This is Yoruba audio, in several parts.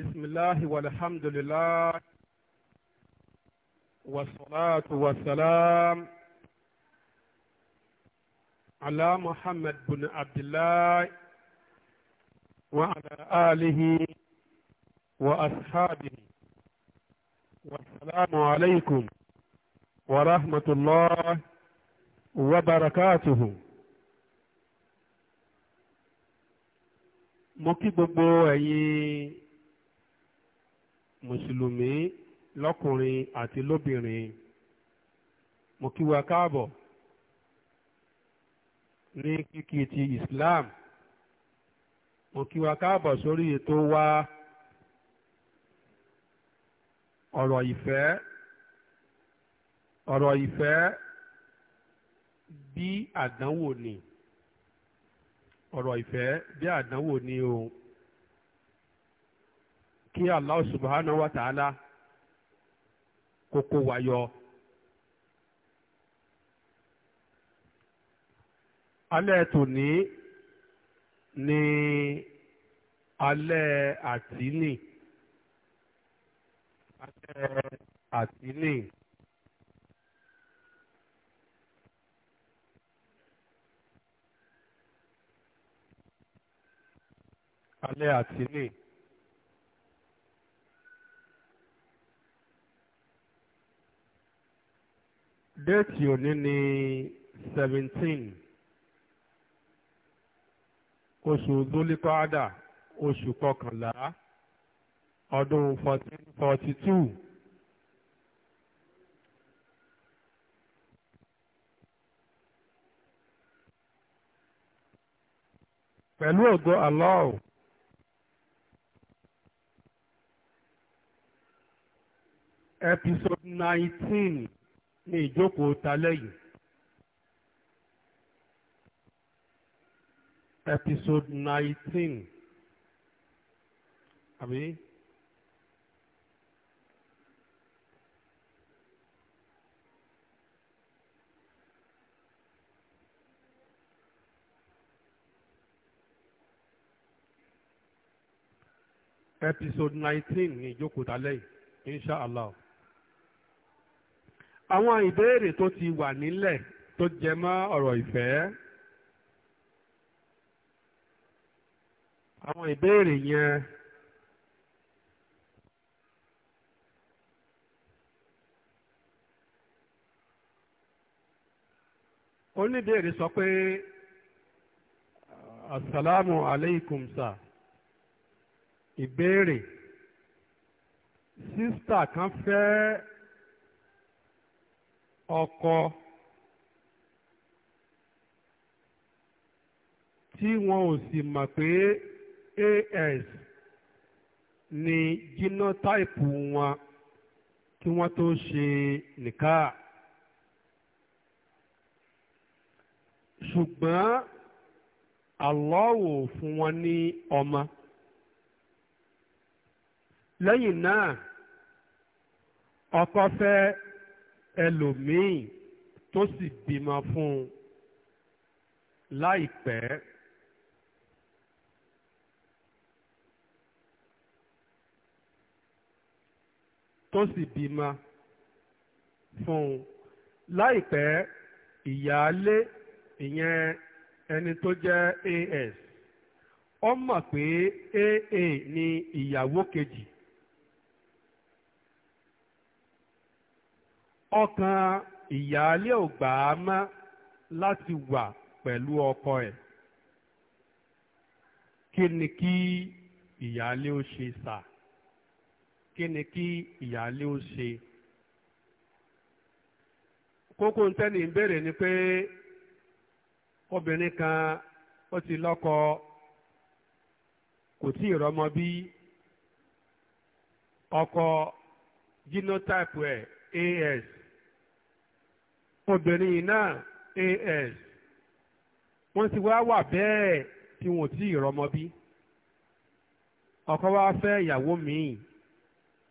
بسم الله والحمد لله والصلاة والسلام على محمد بن عبد الله وعلى آله وأصحابه والسلام عليكم ورحمة الله وبركاته مكي kí mùsùlùmí lọ́kùnrin àti lóbìnrin mo kí wa káàbọ̀ ní kíkí ti Islam mo kí wa káàbọ̀ sórí ètò wa ọ̀rọ̀ ìfẹ́ ọ̀rọ̀ ìfẹ́ bí àdánwò ni ọ̀rọ̀ ìfẹ́ bí àdánwò ni o kí Allah subhanahu wa ta'ala Koko wa yọ. alẹ́ tòní ni alẹ́ àtìní alẹ́ àtìní. alẹ́ àtìní. déètì òní ni seventeen oṣù zolikada oṣù kọkànlá ọdún fourteen forty two. pẹ̀lú ògo Allah episode nineteen ní ìjókòó talẹ́ yìí episode nineteen àbí episode nineteen ní ìjókòó talẹ́ yìí insha àwọn ìbéèrè tó ti wà nílẹ̀ tó jẹ mọ́ ọ̀rọ̀ ìfẹ́ àwọn ìbéèrè yẹn oníbéèrè sọ pé asalaamu aleykum sa ìbéèrè sísítà kan fẹ́ẹ́. ọkọ tí wọn ò sì ma pé as ni genotype wọn kí wọn tó ṣe nìka ṣùgbọ́n àlọ́wò fún wọn ní ọmọ lẹ́yìn náà ọkọ fẹ́ ẹlòmíì tó sì bímọ fún un láìpẹ́. tó sì bímọ fún un láìpẹ́ ìyáálé ìyẹn ẹni tó jẹ́ as ó mọ̀ pé aa ni ìyàwó kejì ọkàn ìyáálé ò gbà á mọ́ láti wà pẹ̀lú ọkọ ẹ̀ kí ni kí ìyáálé ó ṣe sà kí ni kí ìyáálé ó ṣe kókó ń tẹ́lẹ̀ ń béèrè ni pé obìnrin kan ó ti lọ́kọ kò tí ì rọ́mọ bí ọkọ genotype ẹ AS obìnrin yìí náà as wọ́n ti wá wà bẹ́ẹ̀ tí wọ́n ti rọmọ bí ọkọ wa fẹ́ ìyàwó míì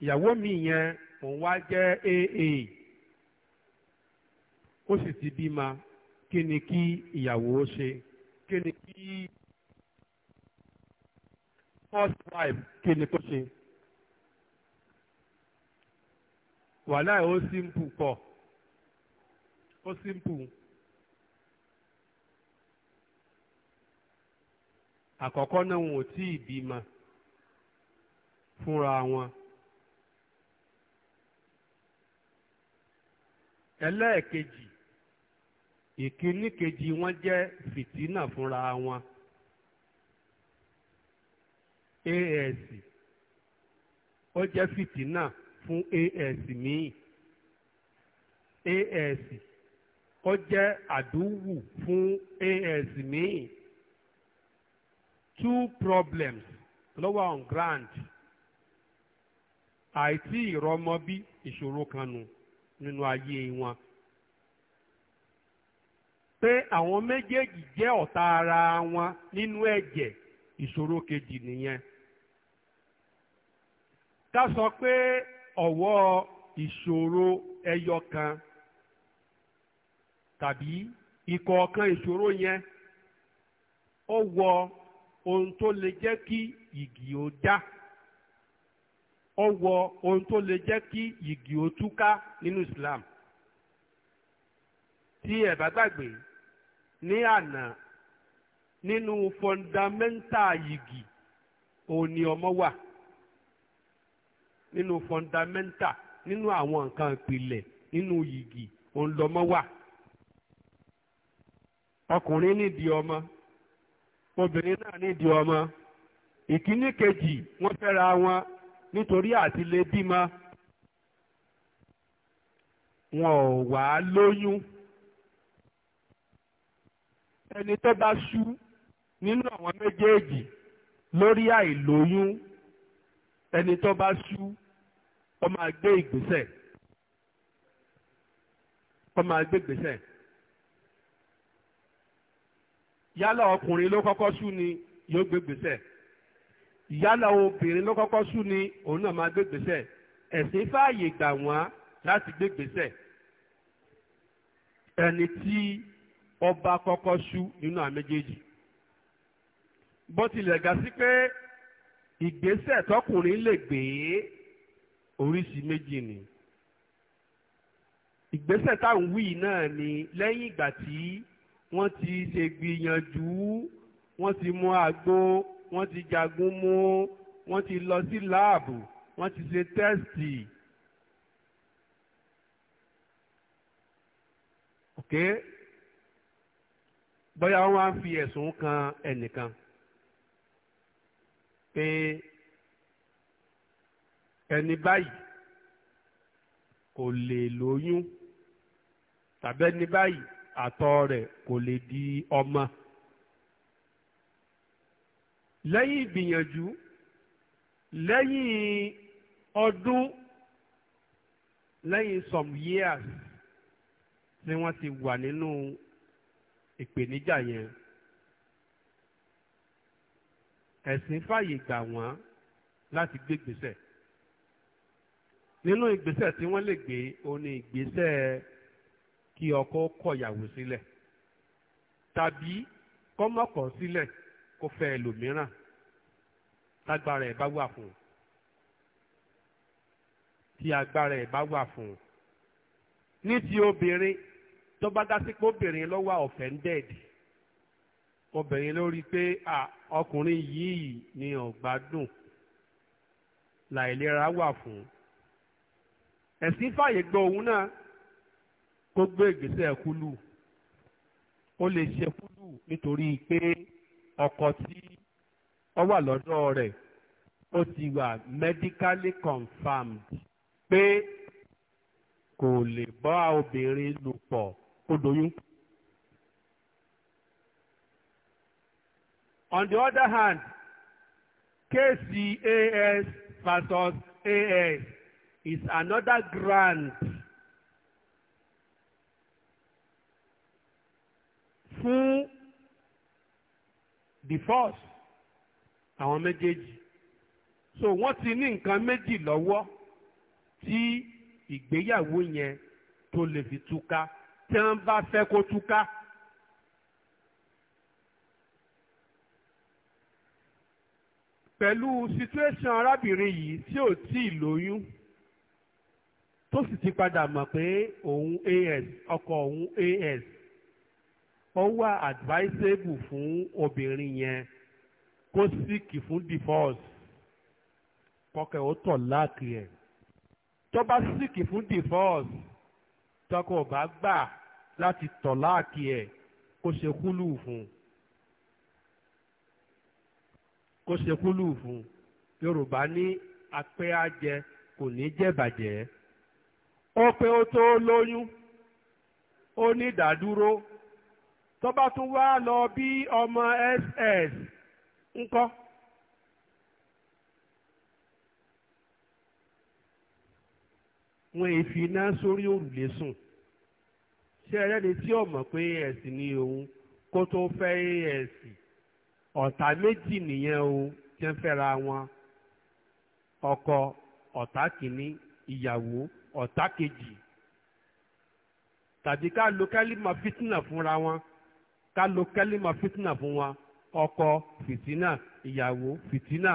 ìyàwó míì yẹn òun wá jẹ́ aa ó sì ti bímọ kí ni kí ìyàwó ṣe kí ni kí first wife kí ni kó ṣe wàhálà ó sì pọ̀. ó simple. àkọ́kọ́ náà wọn ò tí ì bímọ fúnra wọn. ẹlẹ́ẹ̀kejì ìkíní kejì wọn jẹ́ fìtínà fúnra wọn AS ó jẹ́ fìtínà fún AS míì AS kó jẹ́ àdúwù fún as míì two problems lower on ground àìtí ìrọmọbí ìṣòro kan nù nínú ayé wọn pé àwọn méjèèjì jẹ́ ọ̀tá ara wọn nínú ẹ̀jẹ̀ ìṣòro kejì nìyẹn ká sọ pé ọ̀wọ́ ìṣòro ẹyọ kan tàbí ìkọ̀ọ̀kan ìṣòro yẹn ó wọ ohun tó lè jẹ́ kí igi ó dá ó wọ ohun tó lè jẹ́ kí igi ó túká nínú Islam tí ẹ bá gbàgbé ní àná nínú fọndamẹ́ntà igi òun ni ọmọ wà nínú fọndamẹ́ntà nínú àwọn nǹkan ìpìlẹ̀ nínú igi òun lọmọ wà ọkùnrin nídìí ọmọ obìnrin náà nídìí ọmọ ìkíní kejì wọ́n fẹ́ra wọn nítorí àti lè bímọ wọn ò wá lóyún ẹni tó bá ṣú nínú àwọn méjèèjì lórí àìlóyún ẹni tó bá ṣú ó máa ìgbésẹ̀ ó máa ìgbésẹ̀ yálà ọkùnrin ló kọ́kọ́ sú ni yóò gbé gbèsè yálà obìnrin ló kọ́kọ́ sú ni òun náà máa gbé gbèsè ẹ̀sìn fààyè gbà wọ́n láti gbé gbèsè ẹni tí ọba kọ́kọ́ sú nínú àméjèèjì bó tilẹ̀ ga sí pé ìgbésẹ̀ tọkùnrin lè gbé oríṣi méjì ni ìgbésẹ̀ táwọn wí náà ni lẹ́yìn ìgbà tí wọ́n ti ṣe gbìyànjú wọ́n ti mú àgbo wọ́n ti jagun mú wọ́n ti lọ sí láàbù wọ́n ti ṣe tẹ́sítì. ok bóyá wọ́n á fi ẹ̀sùn kan ẹnìkan pé ẹni báyìí kò lè lóyún tàbí ẹni báyìí àtọ̀ rẹ̀ kò lè di ọmọ. lẹ́yìn ìgbìyànjú lẹ́yìn ọdún lẹ́yìn some years ni wọ́n ti wà nínú ìpèníjà yẹn ẹ̀sìn fàyè gbà wọ́n láti gbé ìgbésẹ̀ nínú ìgbésẹ̀ tí wọ́n lè gbé òun ni ìgbésẹ̀ kí ọkọ kọ̀yàwó sílẹ̀ tàbí kọ́mọ̀kọ̀ sílẹ̀ kó fẹ́ ẹlòmíràn tágbára ẹ̀ bá wà fún un tí agbára ẹ̀ bá wà fún un ní ti obìnrin tó bá dásí pé obìnrin lọ́wọ́ offended obìnrin ló rí i pé ọkùnrin yìí ni ọ̀gbádùn làìlera wà fún un ẹ̀sìn fàyè gbọ́ òun náà kó gbé ìgbésẹ̀ kúlù ó lè ṣe kúlù nítorí pé ọkọ tí ó wà lọ́dọ̀ rẹ̀ ó ti wà medically confirmed pé kò lè bá obìnrin lò pọ̀ ó doyún. On the other hand, KCAS versus AS is another grant fún divorce àwọn méjèèjì so wọ́n ti ní nǹkan méjì lọ́wọ́ tí ìgbéyàwó yẹn tó lè fi túká tí wọ́n bá fẹ́ kó túká. pẹ̀lú situation arábìnrin yìí tí ò tí ì lóyún tó sì ti padà mọ̀ pé òun as ọkọ òun as ó wà advisable fún obìnrin yẹn kó síkì fún divorce kọkẹ́ ó tọ̀ láàkì ẹ̀ tó bá síkì fún divorce tọkọ ò bá gbà láti tọ̀ láàkì ẹ̀ kó ṣe kúlù fún kó ṣe kúlù fún yorùbá ní apẹ́ ajẹ kò ní jẹ́bàjẹ́ ó pé ó tó lóyún ó ní ìdádúró tó bá tún wá lọ bí ọmọ ss ńkọ́. wọn è fi iná sórí òrùlé sùn ṣé ẹlẹ́ni tí ò mọ̀ pé ẹ̀sìn ni òun kó tó fẹ́ ẹ̀sìn ọ̀tá méjì nìyẹn o tí ń fẹ́ra wọn ọkọ ọ̀tá kìíní ìyàwó ọ̀tá kejì tàbí ká lo kálímà fítínà fúnra wọn ká lo kẹ́límà fìtínà fún wọn ọkọ fìtínà ìyàwó fìtínà.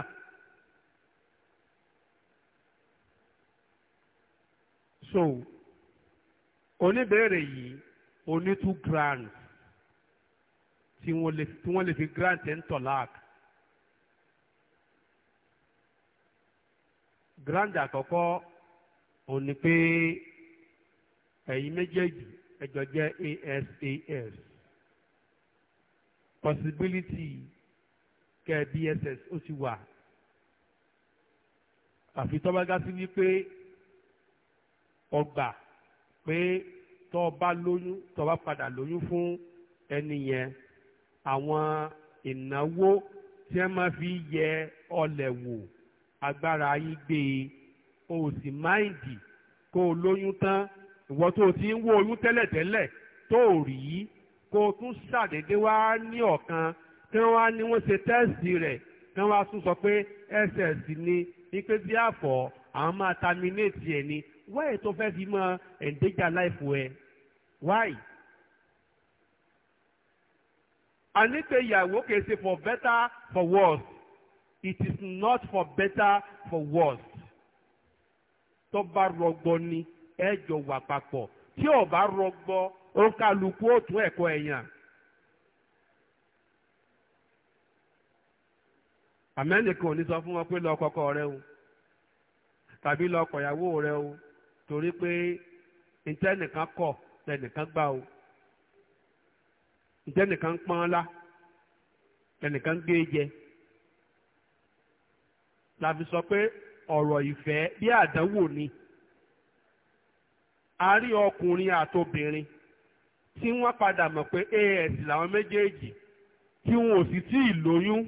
so oníbèrè yìí o ní two grants tí wọ́n lè fi grant ẹ̀ ń tọ̀láàk. grant àkọ́kọ́ ò ní pé ẹ̀yin méjèèjì ẹjọ́ jẹ́ ASAS possibility kẹ́ DSS ó ti wà àfi tọ́ bá gá sí wípé ọgbà pé tọ́ bá lóyún tọ́ bá padà lóyún fún ẹni yẹn àwọn ìnáwó tí wọ́n máa fi yẹ ọlẹ̀ wò agbára yín gbé e o sì máìndì kó o lóyún tán ìwọ tó o ti ń wó oyún tẹ́lẹ̀tẹ́lẹ̀ tó o rí kó o tún ṣàdédé wá ní ọ̀kan tí wọ́n wá ní wọ́n ṣe tẹ́sì rẹ̀ tí wọ́n wá tún sọ pé ss ni wípé bí àfọ̀ àwọn máa terminate ẹ̀ ni wáyé tó fẹ́ fi mọ ẹ̀ǹdẹ́jà láìfò ẹ̀ wáyé. àníkèyàwó kìí ṣe for better for worse it is not for better for worse tó bá rọgbọ ni ẹ jọ wà papọ̀ tí ò bá rọgbọ. ó kálukú ó tún ẹ̀kọ́ ẹ̀yàn. àmẹ́nìkan ò ní sọ fún wọn pé lọ kọ́kọ́ rẹ o tàbí lọ kọ̀yàwó rẹ o torí pé ìtẹ́nìkan kọ̀ lẹ́nìkan gbà o ìtẹ́nìkan pọ́n lá lẹ́nìkan gbé jẹ la fi sọ pé ọrọ ìfẹ́ bí àdánwò ni a rí ọkùnrin àtobìnrin tí wọ́n padà mọ̀ pé as làwọn méjèèjì tí wọn ò sì tí ì lóyún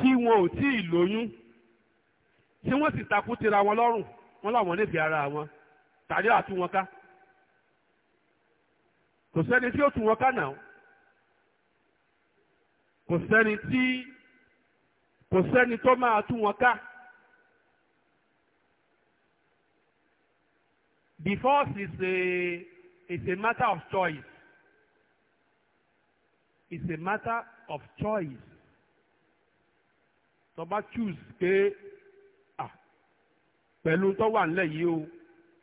tí wọn ò tí ì lóyún tí wọ́n sì takú tira wọn lọ́rùn wọn làwọn nífẹ̀ẹ́ ara wọn tàbí àtú wọn ká kò sẹ́ni tí ó tú wọn ká náà kò sẹ́ni tí kò sẹ́ni tó máa tú wọn ká. divorce is a It's a matter of choice. It's a matter of choice. Tó bá choose pé ah, pẹ̀lú tó wà nílẹ̀ yìí o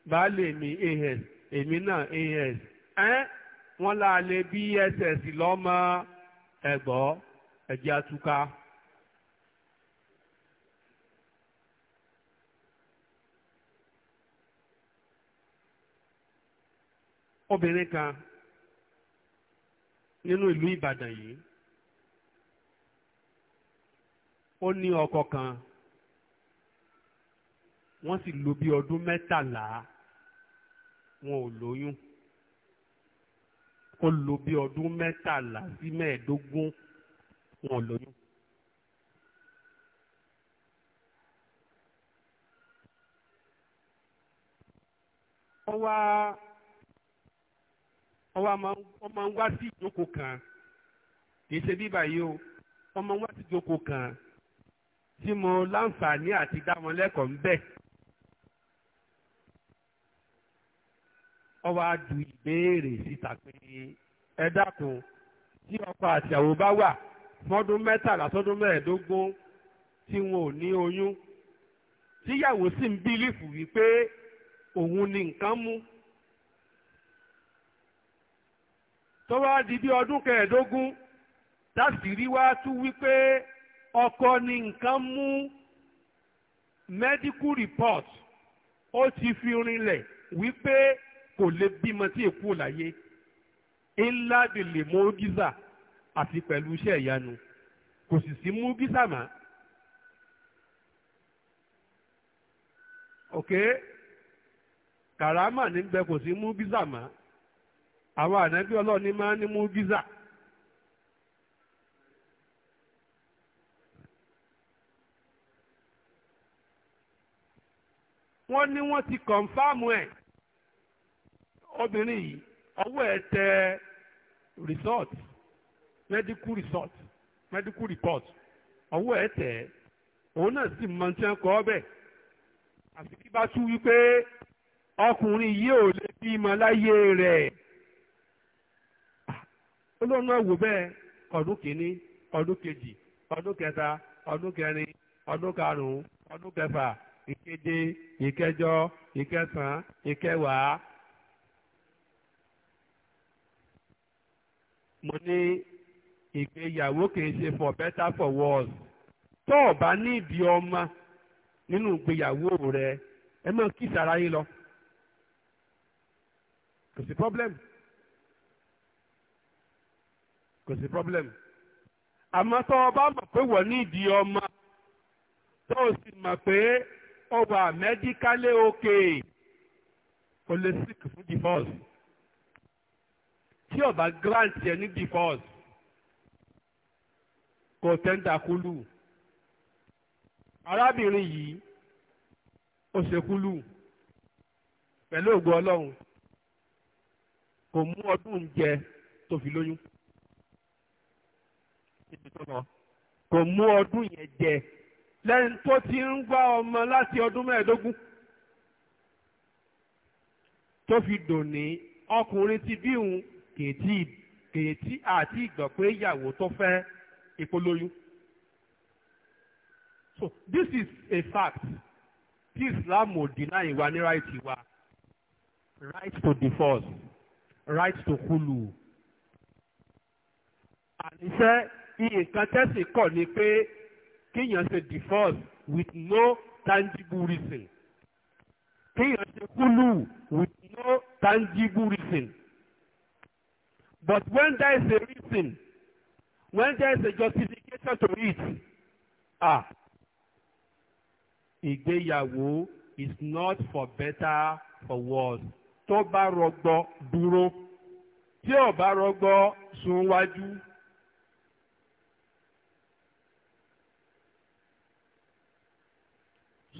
baálé mi as èmi náà as ẹ́n wọ́n láà lè bss lọ́mọ ẹ̀gbọ́ ẹ̀jẹ̀ àtúkà. obìnrin kan nínú ìlú Ìbàdàn yìí ó ní ọkọ kan wọ́n sì lò bí ọdún mẹ́tàlá wọn ò lóyún ó lò bí ọdún mẹ́tàlá sí mẹ́ẹ̀ẹ́dógún wọn ò lóyún. ó wá wọ́n máa ń wá sí ìjókòó kan kì í ṣe bí báyìí o wọ́n ń wá sí ìjókòó kan tí mo láǹfààní àti dá wọn lẹ́kọ̀ọ́ ń bẹ̀. wọ́n wá ju ìbéèrè síta pé ẹ dákun tí ọkọ àti àwọn bá wà fọ́dún mẹ́tàlá sọ́dún mẹ́ẹ̀ẹ́dógún tí wọn ò ní oyún tíyàwó sì ń bílífù wípé òun ni nǹkan mú tó wá di bí ọdún kẹẹ̀ẹ́dógún tásìrí wá tú wípé ọkọ ni nǹkan mú medical report ó ti fi rinlẹ̀ wípé kò lè bímọ tí èkú láyé ńlá bèlè mọ́gísà àti pẹ̀lú iṣẹ́ ìyanu kò sì sí mọ́gísà mọ́. ok kàrámà ní bẹ kò sí mọ́gísà mọ́. àwọn ànábì ọlọ́run ní máa ń ní mújísà wọ́n ní wọ́n ti kọ̀ǹfàmù ẹ̀ obìnrin yìí ọwọ́ ẹ̀ tẹ resort medical resort medical report ọwọ́ ẹ̀ tẹ̀ òun náà sì mọ tí wọ́n kọ́ ọ bẹ́ẹ̀ àfi kí bá tú wípé ọkùnrin yìí ò lè bímọ láyé rẹ̀. olóhùn náà wò bẹ́ẹ̀ ọdún kìíní ọdún kejì ọdún kẹta ọdún kẹrin ọdún karùn-ún ọdún kẹfà ìkeje ìkẹjọ ìkẹsàn-án ìkẹwàá. mo ní ìgbéyàwó kì í ṣe for better for worse tó o bá ní ìdí ọmọ nínú ìgbéyàwó rẹ ẹ máa kí sara yín lọ kò sí problem kò sí problem àmọ́ tó o bá mọ̀ pé wọ́n ní ìdí ọmọ tó o sì mọ̀ pé ó wà òkè o lè sick fún divorce tí o grant ẹ ní divorce kò tẹ́ńdà kúlù arábìnrin yìí ó ṣe kúlù pẹ̀lú ògo ọlọ́run kò mú ọdún jẹ tó fi lóyún ìtumọ̀ kò mú ọdún yẹn jẹ lẹ́yìn tó ti ń gbá ọmọ láti ọdún mẹ́ẹ̀ẹ́dógún tó fi dòní ọkùnrin ti bí òun kèétí kèétí àti ìgbà pé ìyàwó tó fẹ́ ìpolóyún so this is a fact tí Islam ò deny wa ní right wa right to divorce right to kulu àníṣe nǹkan tẹ́sí kọ̀ ni pé kíyàn ṣe divorce with no tangible reason kíyàn ṣe kúlù with no tangible reason but when there is a reason when there is a justification to it ah ìgbéyàwó is not for better for worse tó bá rọgbọ dúró tí ò bá rọgbọ sún wájú.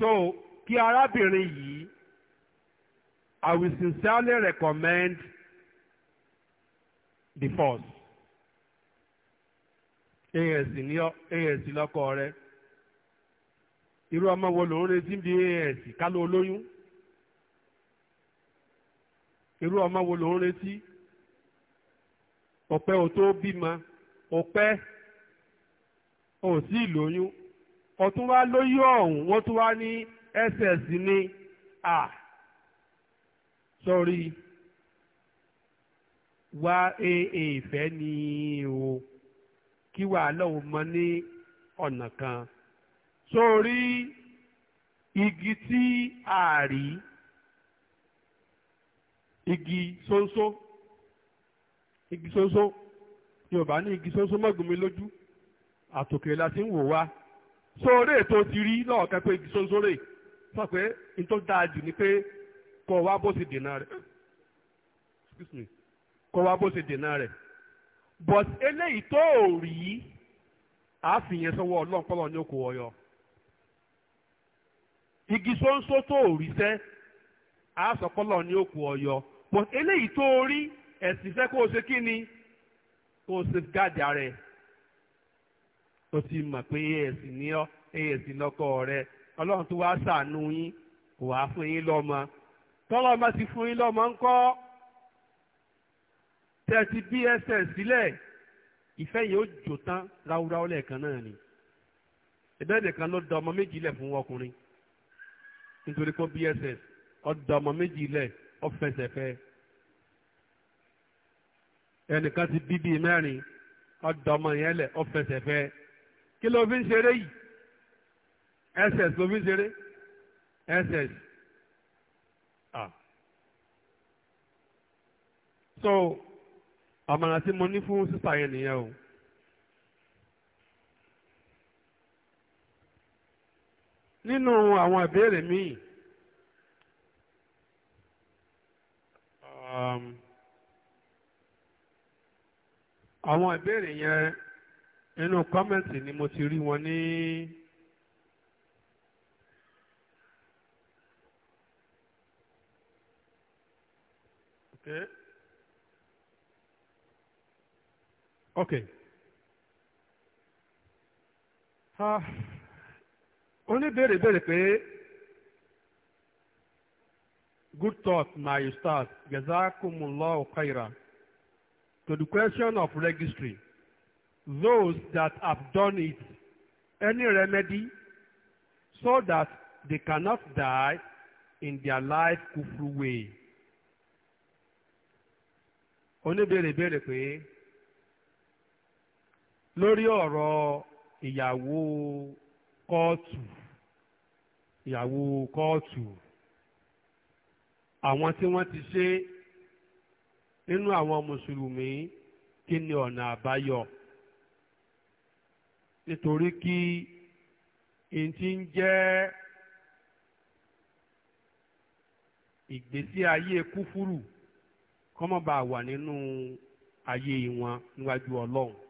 So, kí arábìnrin yìí, I will sincerely recommend divorce. ASC lọ́kọ Irú ọmọ wo ló ń retí bí ká ló lóyún? Irú ọmọ wo ló ń retí? Ọ̀pẹ́ ò tó bímọ, ọ̀pẹ́ ò sí ìlóyún. ọ̀tún wá lóyún ọ̀hún wọ́n tún wá ní ss ní a sọ́rí wá aa e, e, fẹ́ ni o kí wàhálà òun mọ ní ọ̀nà kan sọ́rí igi tí a rí igi ṣóńṣó igi ṣóńṣó yorùbá ní igi ṣóńṣó mọ́gùnmí lójú àtòkè la ti ń wò wá. sóòrè tó ti rí lọ́ọ̀kẹ́ pé sóńsóòrè sọ pé n tó dáa jù ni pé kọ wá bó ṣe dènà rẹ̀ kọ wá bó ṣe dènà rẹ̀ but eléyìí tó ò rí àfihàn sọwọ́ ọlọ́ọ̀pọ̀lọ́ ní òkú ọyọ igi sóńsó tó ò rí sẹ́ àásọ̀pọ̀lọ́ ní òkú ọyọ but eléyìí tó rí ẹ̀sìn fẹ́ kó o ṣe kí ni kó o safeguard ara o ti mọ̀ pé ẹ̀sìn ní ọ́ ẹ̀sìn lọ́kọ rẹ ọlọ́run tó wá ṣàánú yín kò wá fún yín lọ́mọ tọ́lọ́mọ ti fún yín lọ́mọ ńkọ́ tẹ́ ti bí ẹsẹ̀ sílẹ̀ ìfẹ́ yìí ó jò tán ráúráú lẹ́ẹ̀kan náà ni ẹ̀bẹ́ nìkan ló da ọmọ méjì lẹ̀ fún ọkùnrin nítorí pé bss ọ̀dọ̀ ọmọ méjì lẹ̀ ọ fẹsẹ̀ fẹ́ ẹnìkan ti bí bíi mẹ́rin ọ̀dọ̀ ọmọ yẹn lẹ̀ ọ fẹsẹ̀ fẹ́ kí ló fi ń ṣeré yìí ss ló fi ń ṣeré ss ah so àmàlà tí mo ní fún sísà yẹn nìyẹn o. nínú àwọn ìbéèrè míì um, àwọn ìbéèrè yẹn nínú kọ́mẹ̀ntì ni mo ti rí wọn ní okay okay ha oníbèrè bèrè pé good thought my ustaz jazakumullahu khairan to the question of registry those that have done it any remedy so that they cannot die in their life kufru way. oníbèrè béèrè pé lórí ọ̀rọ̀ ìyàwó kóòtù ìyàwó kóòtù àwọn tí wọ́n ti ṣe nínú àwọn mùsùlùmí kí ni ọ̀nà àbáyọ nítorí kí n ti ń jẹ́ ìgbésí ayé kúfúrù kọ́mọba wà nínú ayé wọn níwájú ọlọ́run